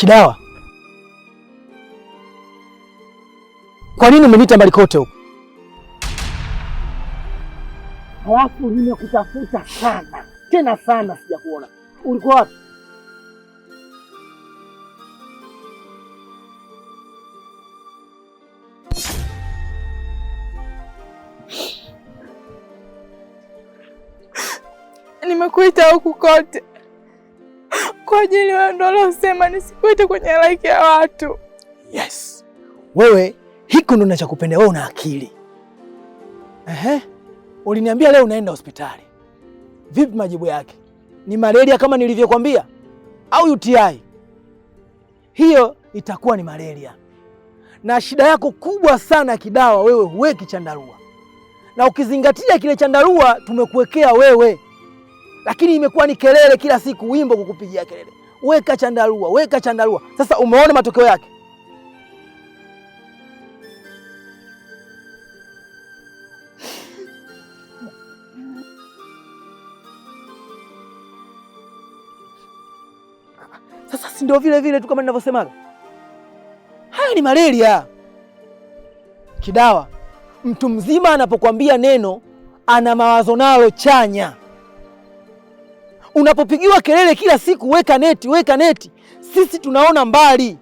Kidawa, kwa nini umeniita mbali kote huko? Halafu nimekutafuta sana tena sana, sijakuona. Ulikuwa wapi? Nimekuita huku kote kwa ajili ya ndo alosema nisipite kwenye like ya watu. Yes, wewe hiko ndo nachokupenda wewe, una akili. Ehe, uliniambia leo unaenda hospitali. Vipi majibu yake? Ni malaria kama nilivyokwambia au UTI? Hiyo itakuwa ni malaria, na shida yako kubwa sana kidawa, wewe huweki chandarua, na ukizingatia kile chandarua tumekuwekea wewe lakini imekuwa ni kelele kila siku, wimbo kukupigia kelele, weka chandarua, weka chandarua. Sasa umeona matokeo yake. Sasa si ndio vile vile tu kama ninavyosemaga, haya ni malaria. Kidawa, mtu mzima anapokuambia neno ana mawazo nalo chanya Unapopigiwa kelele kila siku, weka neti, weka neti, sisi tunaona mbali.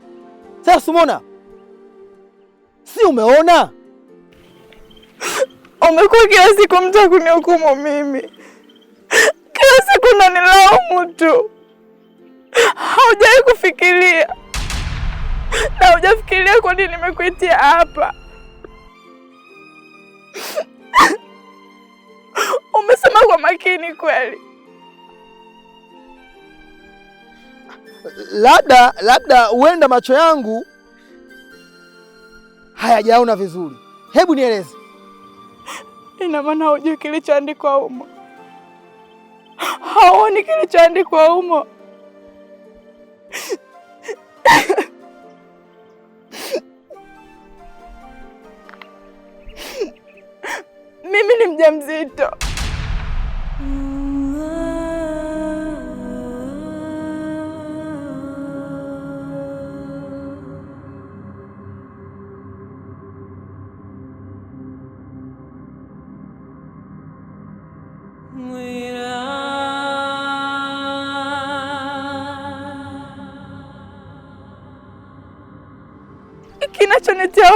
Sasa simona, si umeona? Umekuwa kila siku mtu akunihukumu mimi, kila siku unanilaumu tu, haujawahi kufikiria na ujafikiria kwa nini nimekuitia hapa. Umesema kwa makini kweli labda labda huenda macho yangu hayajaona vizuri. Hebu nieleze. Ina maana hujui kilichoandikwa humo? Hauoni kilichoandikwa humo? Mimi ni mjamzito.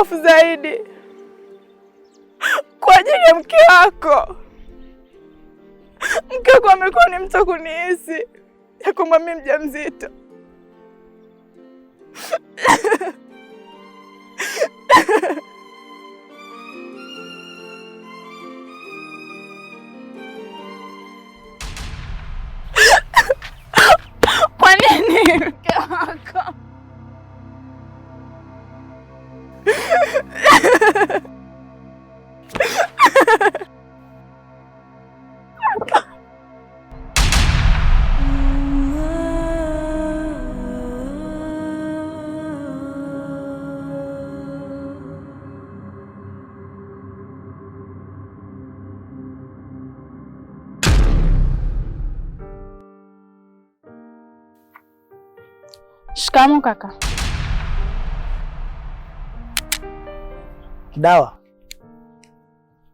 hofu zaidi kwa ajili ya mke wako. Mke wako amekuwa ni mtu kunihisi ya kwamba mimi mjamzito. kaka? Kidawa,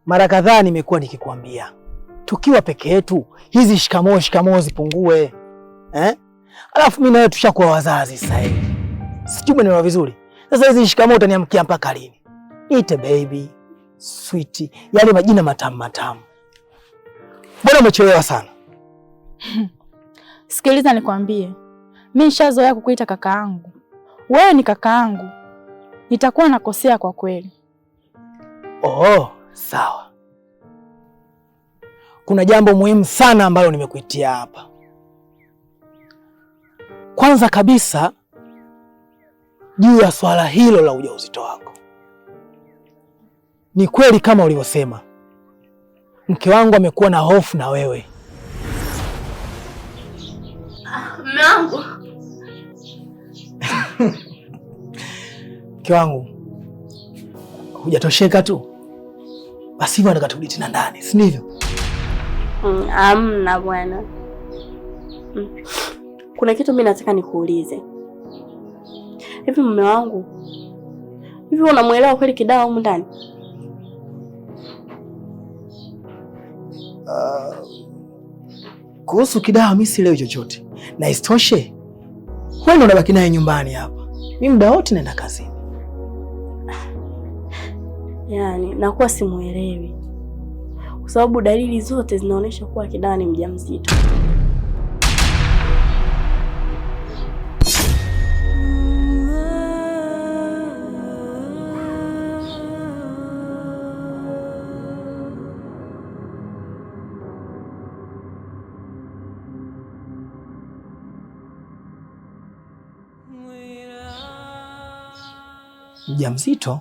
mara kadhaa nimekuwa nikikwambia tukiwa peke yetu hizi shikamoo shikamoo zipungue eh? Alafu mimi wewe tushakuwa wazazi sasa hivi, sijui umenielewa vizuri. Sasa hizi shikamoo utaniamkia mpaka lini? Niite baby, sweet, yale majina matamu matamu. Mbona umechelewa sana? Sikiliza nikwambie mi nshazoea kukuita kakaangu, wewe ni kakaangu, nitakuwa nakosea kwa kweli. Oh, sawa. Kuna jambo muhimu sana ambalo nimekuitia hapa. Kwanza kabisa, juu ya swala hilo la ujauzito wako, ni kweli kama ulivyosema, mke wangu amekuwa na hofu na wewe. Ah, mwanangu mke wangu, hujatosheka tu? Basi hivyo nataka tena ndani, si ndivyo? Mm, amna mm, bwana mm. Kuna kitu mi nataka nikuulize. Hivi mume wangu, hivi unamwelewa kweli Kidawa humu ndani? Uh, kuhusu Kidawa mi sielewi chochote, na isitoshe wewe unabaki naye nyumbani hapa, mi muda wote naenda kazini yani nakuwa simwelewi kwa sababu dalili zote zinaonyesha kuwa kidaa ni mjamzito. Mjamzito?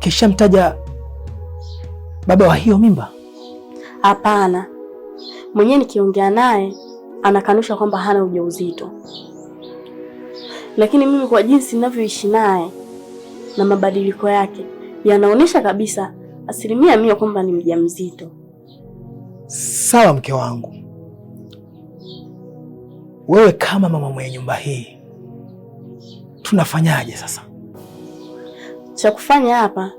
kisha mtaja baba wa hiyo mimba? Hapana, mwenyewe nikiongea naye anakanusha kwamba hana ujauzito, lakini mimi kwa jinsi ninavyoishi naye na mabadiliko yake yanaonyesha kabisa asilimia mia kwamba ni mjamzito. Sawa, mke wangu, wewe kama mama mwenye nyumba hii, tunafanyaje sasa? Cha kufanya hapa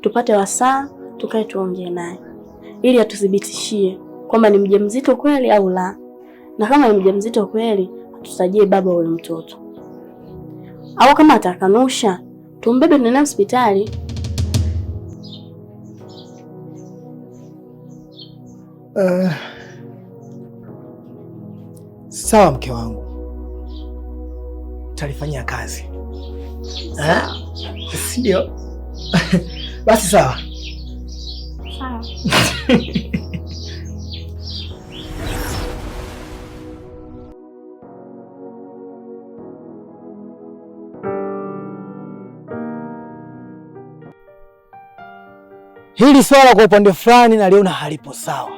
tupate wasaa tukae tuongee naye ili atuthibitishie kwamba ni mjamzito kweli au la, na kama ni mjamzito kweli tutajie baba wa mtoto, au kama atakanusha tumbebe tunaenda hospitali. Uh, sawa mke wangu, talifanyia kazi ha? Eh? Ndio. Basi sawa. Sawa. Hili swala kwa upande fulani naliona halipo sawa.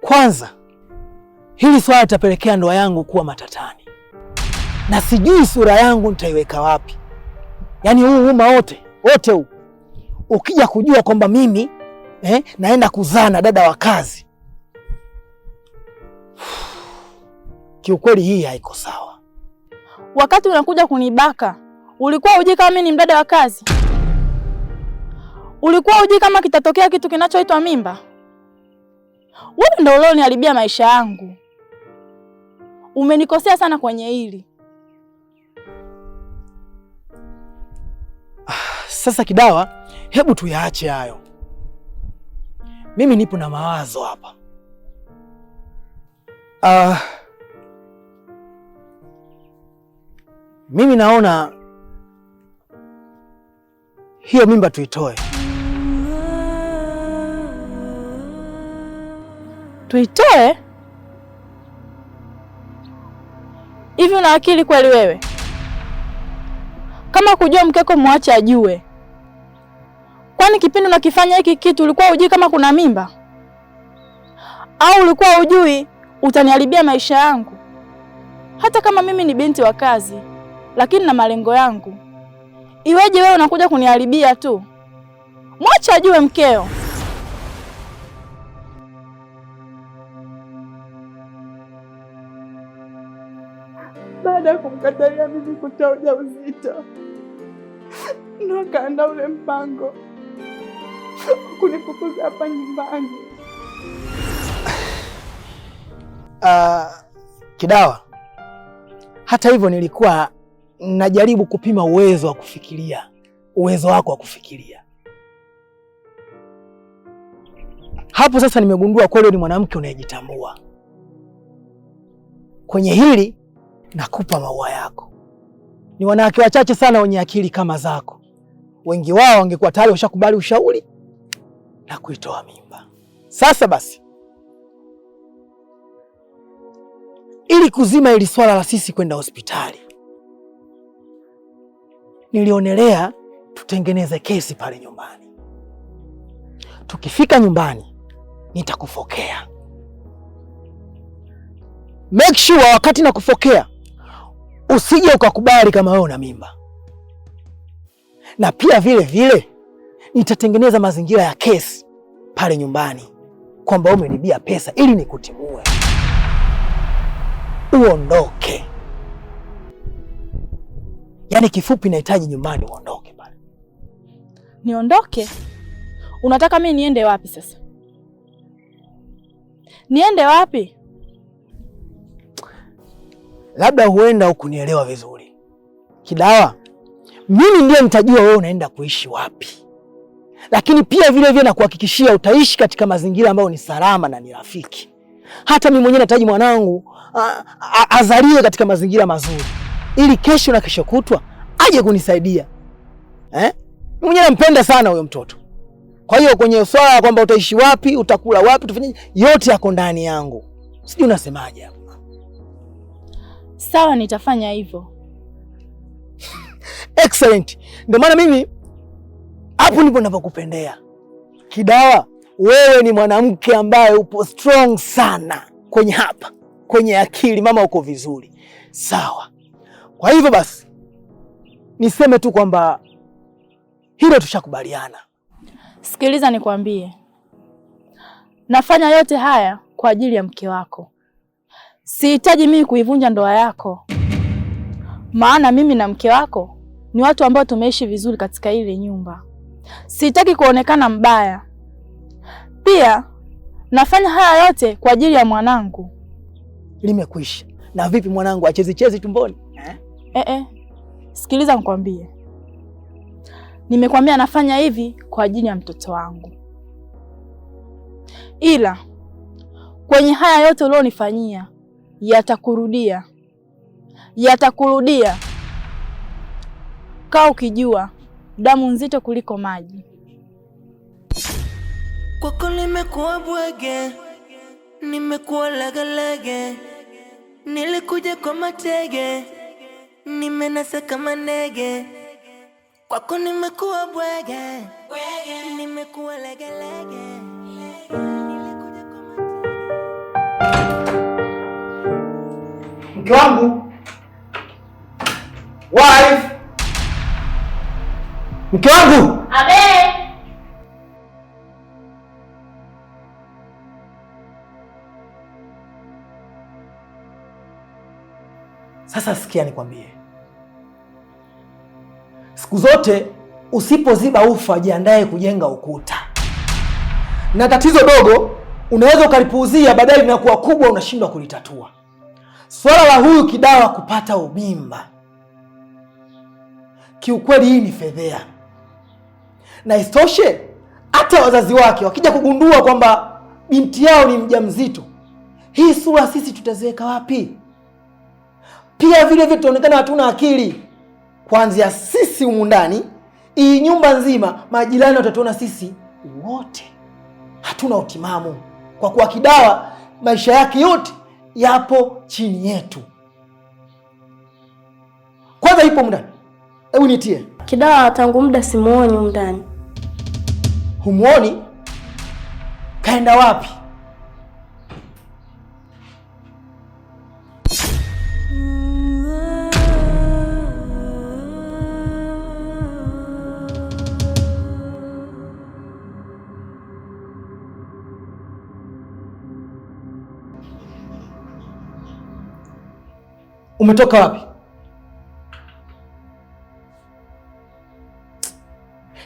Kwanza hili swala litapelekea ndoa yangu kuwa matatani na sijui sura yangu nitaiweka wapi. Yaani huu umma wote wote huu ukija kujua kwamba mimi eh, naenda kuzaa na dada wa kazi, kiukweli hii haiko sawa. Wakati unakuja kunibaka ulikuwa hujui kama mimi ni mdada wa kazi? Ulikuwa hujui kama kitatokea kitu kinachoitwa mimba? Wewe ndio ulioniharibia maisha yangu. Umenikosea sana kwenye hili. Sasa Kidawa, hebu tuyaache hayo. Mimi nipo na mawazo hapa. Uh, mimi naona hiyo mimba tuitoe. Tuitoe? Hivi una akili kweli wewe? Kama kujua mkeko mwache ajue. Kwani kipindi unakifanya hiki kitu ulikuwa ujui kama kuna mimba? Au ulikuwa ujui utaniharibia maisha yangu? Hata kama mimi ni binti wa kazi, lakini na malengo yangu. Iweje wewe unakuja kuniharibia tu? Mwacha ajue mkeo. Baada ya kumkatalia mimi kutoa ujauzito, ndo akaenda ule mpango kunifukuza hapa nyumbani. Uh, Kidawa, hata hivyo nilikuwa najaribu kupima uwezo wa kufikiria, uwezo wako wa kufikiria. Hapo sasa nimegundua kweli ni mwanamke unayejitambua. Kwenye hili nakupa maua yako. Ni wanawake wachache sana wenye akili kama zako, wengi wao wangekuwa tayari washakubali ushauri na kuitoa mimba. Sasa basi, ili kuzima ili swala la sisi kwenda hospitali, nilionelea tutengeneze kesi pale nyumbani. Tukifika nyumbani, nitakufokea make sure wakati kufokea usije ukakubali kama wewe una mimba, na pia vile vile nitatengeneza mazingira ya kesi pale nyumbani kwamba umenibia pesa ili nikutimue uondoke. Yaani kifupi, nahitaji nyumbani uondoke pale. Niondoke? Unataka mimi niende wapi sasa? Niende wapi? Labda huenda hukunielewa vizuri. Kidawa, mimi ndiye nitajua wewe unaenda kuishi wapi lakini pia vilevile nakuhakikishia utaishi katika mazingira ambayo ni salama na ni rafiki. Hata mimi mwenyewe nataji mwanangu azaliwe katika mazingira mazuri, ili kesho na kesho kutwa aje kunisaidia eh? Mwenyewe nampenda sana huyo mtoto. Kwa hiyo kwenye swala ya kwamba utaishi wapi, utakula wapi, tufanye yote yako ndani yangu. Sijui unasemaje hapo? Sawa, nitafanya hivyo. Excellent. Ndio maana mimi hapo ndipo napokupendea Kidawa. Wewe ni mwanamke ambaye upo strong sana kwenye hapa kwenye akili, mama, uko vizuri sawa. Kwa hivyo basi niseme tu kwamba hilo tushakubaliana. Sikiliza nikwambie, nafanya yote haya kwa ajili ya mke wako. Sihitaji mimi kuivunja ndoa yako, maana mimi na mke wako ni watu ambao tumeishi vizuri katika ile nyumba. Sitaki kuonekana mbaya, pia nafanya haya yote kwa ajili ya mwanangu. Limekwisha. Na vipi mwanangu, achezi chezi tumboni eh? Eh, eh. Sikiliza nikwambie, nimekwambia nafanya hivi kwa ajili ya mtoto wangu, ila kwenye haya yote ulionifanyia yatakurudia, yatakurudia. Kaa ukijua damu nzito kuliko maji. Kwako nimekuwa bwege, nimekuwa lagalage, nilikuja kwa matege, nimenasa kama ndege. Kwako nimekuwa bwege, nimekuwa lagalage. Mke wangu wife Mke wangu Sasa sikia nikwambie, siku zote usipoziba ufa, jiandae kujenga ukuta, na tatizo dogo unaweza ukalipuuzia, baadaye linakuwa kubwa, unashindwa kulitatua. Swala la huyu kidawa kupata ubimba, kiukweli hii ni fedhea na isitoshe hata wazazi wake wakija kugundua kwamba binti yao ni mjamzito, hii sura sisi tutaziweka wapi? Pia vile vile tutaonekana hatuna akili, kuanzia sisi humu ndani, hii nyumba nzima, majirani watatuona sisi wote hatuna utimamu, kwa kuwa Kidawa maisha yake yote yapo chini yetu. Kwanza ipo mndani, hebu nitie Kidawa tangu muda simuoni mndani humuoni Kaenda wapi? Umetoka wapi?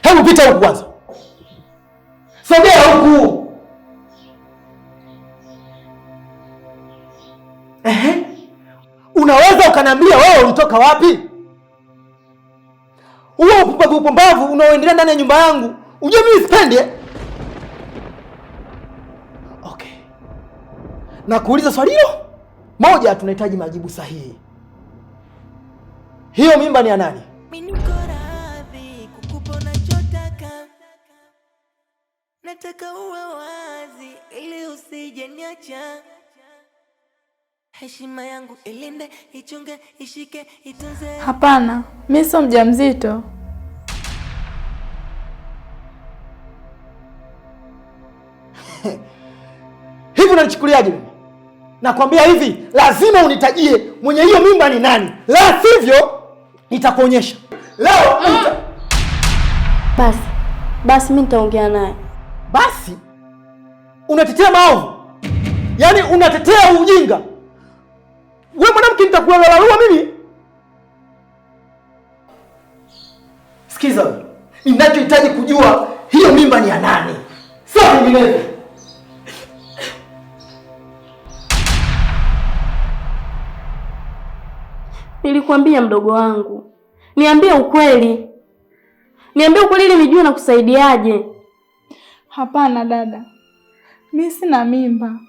Hebu pita huku kwanza wangu. Ehe, unaweza ukaniambia wewe ulitoka wapi? Huo upumbavu upumbavu unaoendelea ndani ya nyumba yangu ujue mimi sipendi eh? Okay, na kuuliza swali hilo moja, tunahitaji majibu sahihi. Hiyo mimba ni ya nani? Nataka uwe wazi ili usije niacha. Heshima yangu ilinde, ichunge, ishike, itunze. Hapana, mimi sio mjamzito. Hivi unanichukuliaje Nakwambia hivi, lazima unitajie mwenye hiyo mimba ni nani, la sivyo nitakuonyesha leo. Ah! Basi basi, mimi nitaongea naye basi unatetea maovu, yaani unatetea ujinga. We mwanamke, nitakualalalua mimi. Sikiza, ninachohitaji kujua hiyo mimba ni ya nani, sio vinginevyo. Nilikuambia mdogo wangu, niambie ukweli, niambie ukweli ili nijue nakusaidiaje. Hapana dada, mi sina mimba,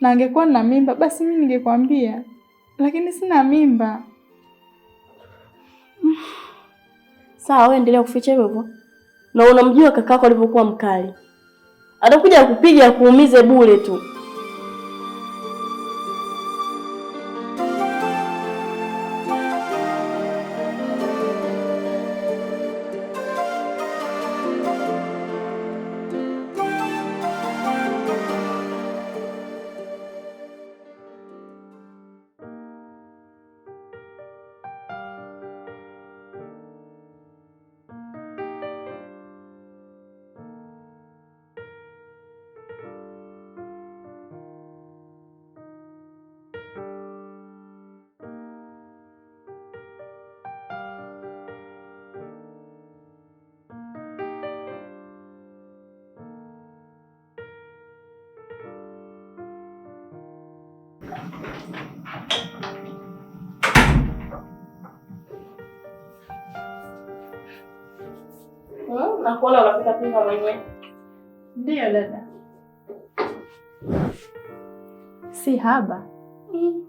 na angekuwa na mimba basi mi ningekwambia, lakini sina mimba. Sawa, wewe endelea kuficha hivyo hivyo, na unamjua kakako alivyokuwa mkali, atakuja kupiga akuumize bure tu. Hmm, Nakuona unapika mwenyewe. Ndiyo dada, si haba. Hmm.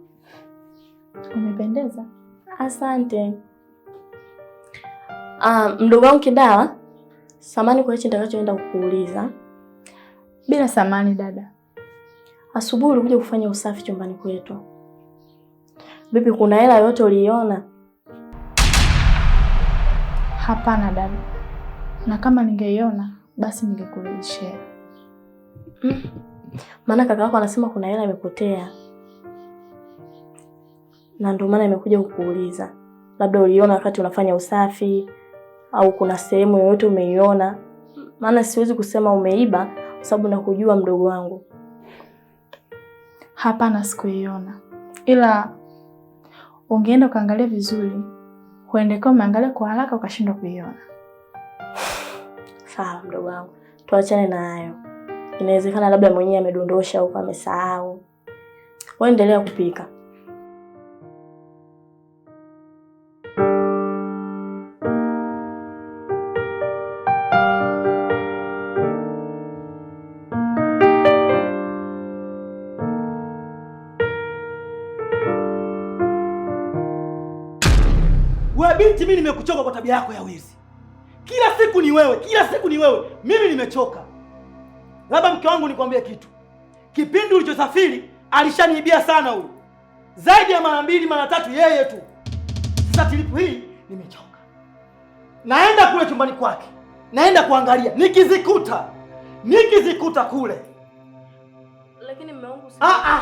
Umependeza. Asante. Ah, mdogo wangu Kidawa, samani kwa hichi nitakachoenda kukuuliza. Bila samani dada. Asubuhi ulikuja kufanya usafi chumbani kwetu. Bibi, kuna hela yote uliiona? Hapana dada, na kama ningeiona basi ningekurudishia. Mm. Maana kaka yako anasema kuna hela imepotea, na ndio maana imekuja kukuuliza labda uliona wakati unafanya usafi au kuna sehemu yoyote umeiona, maana siwezi kusema umeiba kwa sababu nakujua mdogo wangu. Hapana, sikuiona, ila ungeenda ukaangalia vizuri, uendekaa umeangalia kwa haraka ukashindwa kuiona. Sawa mdogo wangu, tuachane na hayo. Inawezekana labda mwenyewe amedondosha huko, amesahau. Waendelea kupika. Binti, mimi nimekuchoka kwa tabia yako ya wizi. Kila siku ni wewe, kila siku ni wewe. Mimi nimechoka. Labda mke wangu nikwambie kitu. Kipindi ulichosafiri alishaniibia sana huyu, zaidi ya mara mbili mara tatu, yeye tu. Sasa tilipu hii nimechoka, naenda kule chumbani kwake, naenda kuangalia, nikizikuta nikizikuta kule, lakini mume wangu ah ah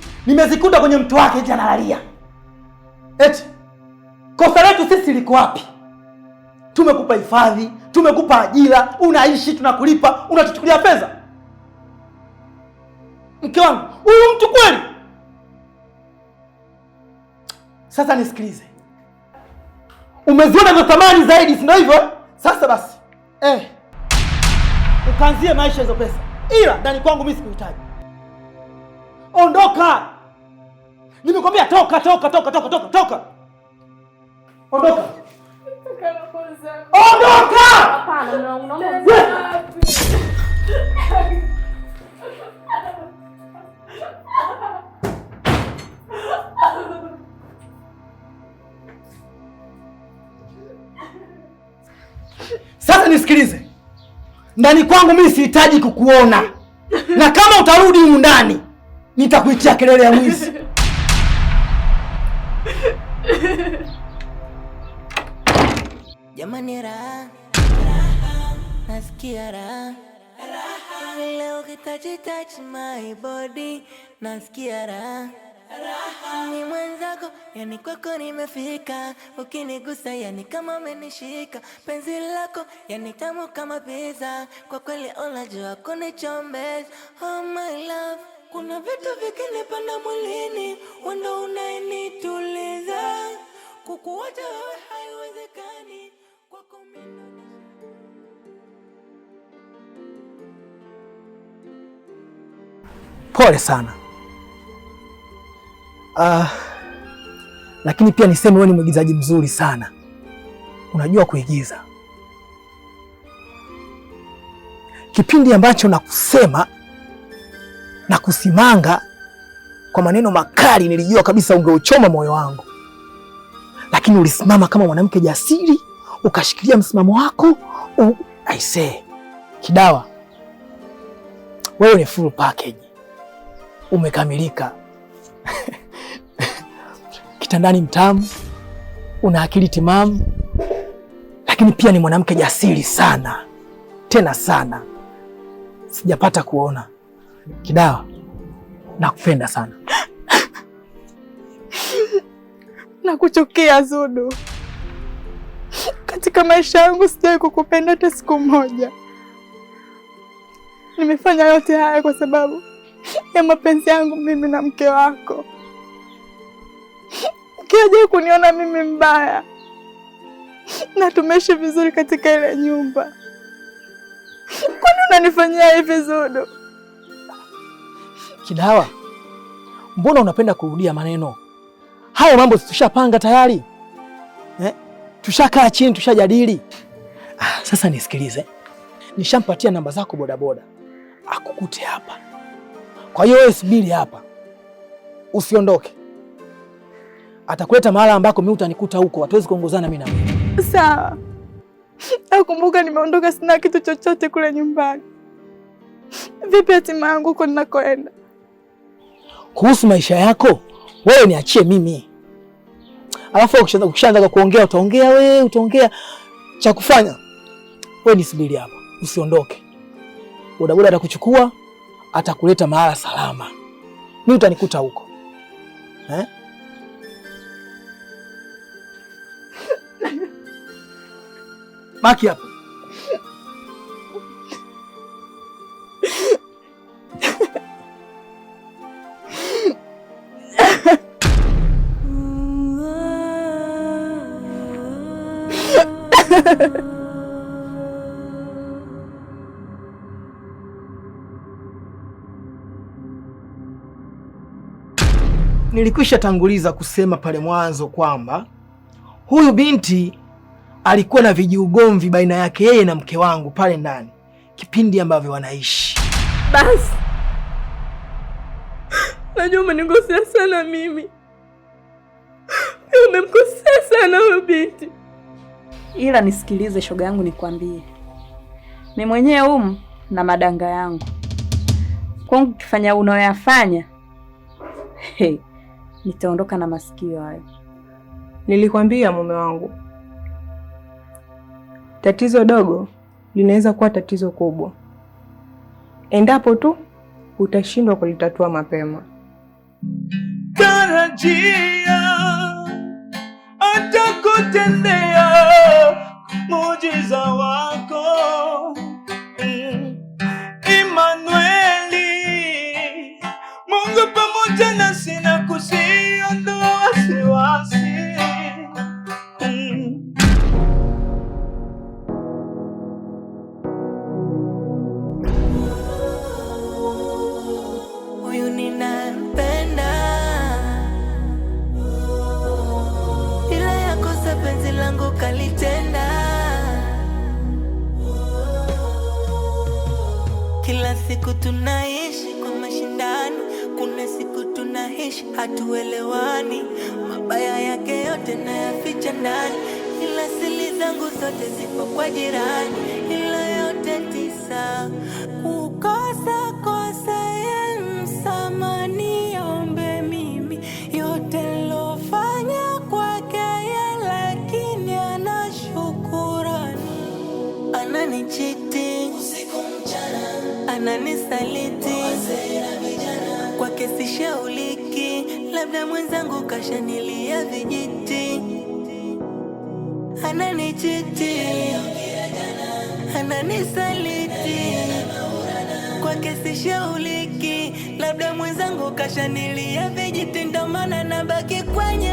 nimezikuta kwenye mtu wake eti analalia. Eti kosa letu sisi liko wapi? Tumekupa hifadhi, tumekupa ajira, unaishi, tunakulipa, unatuchukulia pesa. Mke wangu huyu mtu kweli. Sasa nisikilize, umeziona za thamani zaidi, si ndio hivyo? Sasa basi eh, ukaanzie maisha hizo pesa, ila ndani kwangu mimi sikuhitaji. Ondoka. Nimekwambia toka toka toka toka toka toka. Ondoka. Ondoka. Sasa nisikilize. Ndani kwangu mimi sihitaji kukuona. Na kama utarudi humu ndani, nitakuitia kelele ya mwizi. Jamani, raha nasikia raha, leo kitachi touch my body, nasikia raha ni mwenzako, yani kwako nimefika, ukinigusa yani kama umenishika, penzi lako yani tamu kama pizza, kwa kweli unajua kunichombeza, oh my love kuna vitu vikini vikinipanda mwilini, wenda unaenituliza kukuwacha wewe haiwezekani kwako mimi Pole sana. Uh, lakini pia niseme wewe ni mwigizaji mzuri sana, unajua kuigiza kipindi ambacho nakusema na kusimanga kwa maneno makali, nilijua kabisa ungeuchoma moyo wangu, lakini ulisimama kama mwanamke jasiri, ukashikilia msimamo wako. say, Kidawa, wewe ni full package, umekamilika. Kitandani mtamu, una akili timamu, lakini pia ni mwanamke jasiri sana, tena sana, sijapata kuona Kidawa, nakupenda sana. Nakuchukia Zudu. Katika maisha yangu sijawahi kukupenda hata siku moja. Nimefanya yote haya kwa sababu ya mapenzi yangu mimi na mke wako. Mkiaje kuniona mimi mbaya, na tumeishi vizuri katika ile nyumba. Kwani unanifanyia hivi Zudu? Kidawa, mbona unapenda kurudia maneno hayo? Mambo tushapanga tayari eh? Tushakaa chini tushajadili. Ah, sasa nisikilize, nishampatia namba zako bodaboda akukute hapa. Kwa hiyo wewe subiri hapa, usiondoke. Atakuleta mahala ambako mimi utanikuta huko, hatuwezi kuongozana mimi na wewe. Sawa. Nakumbuka nimeondoka, sina kitu chochote kule nyumbani. Vipi hatima yangu huko ninakoenda? kuhusu maisha yako wewe niachie mimi. Alafu ukishaanza kuongea, utaongea wewe, utaongea cha kufanya wewe, nisubiri hapa, usiondoke. Bodaboda atakuchukua atakuleta mahala salama, mi utanikuta huko eh? Maki hapa Nilikwisha tanguliza kusema pale mwanzo kwamba huyu binti alikuwa na vijiugomvi baina yake yeye na mke wangu pale ndani kipindi ambavyo wanaishi. Basi najua umenigosea sana mimi, pia umemkosea sana huyu binti ila nisikilize shoga yangu, nikwambie mi mwenyewe umu na madanga yangu kwangu, kifanya unayoyafanya hey, nitaondoka na masikio hayo. Nilikwambia mume wangu, tatizo dogo linaweza kuwa tatizo kubwa endapo tu utashindwa kulitatua mapema. Tarajia. ਕੁਝ ਦਿੰਦੇ ਆ ananisaliti kwa kesi shauliki, labda mwenzangu kashanilia vijiti, ananichiti ananisaliti kwa kesi shauliki, labda mwenzangu kashanilia vijiti, ndomana nabaki kwenye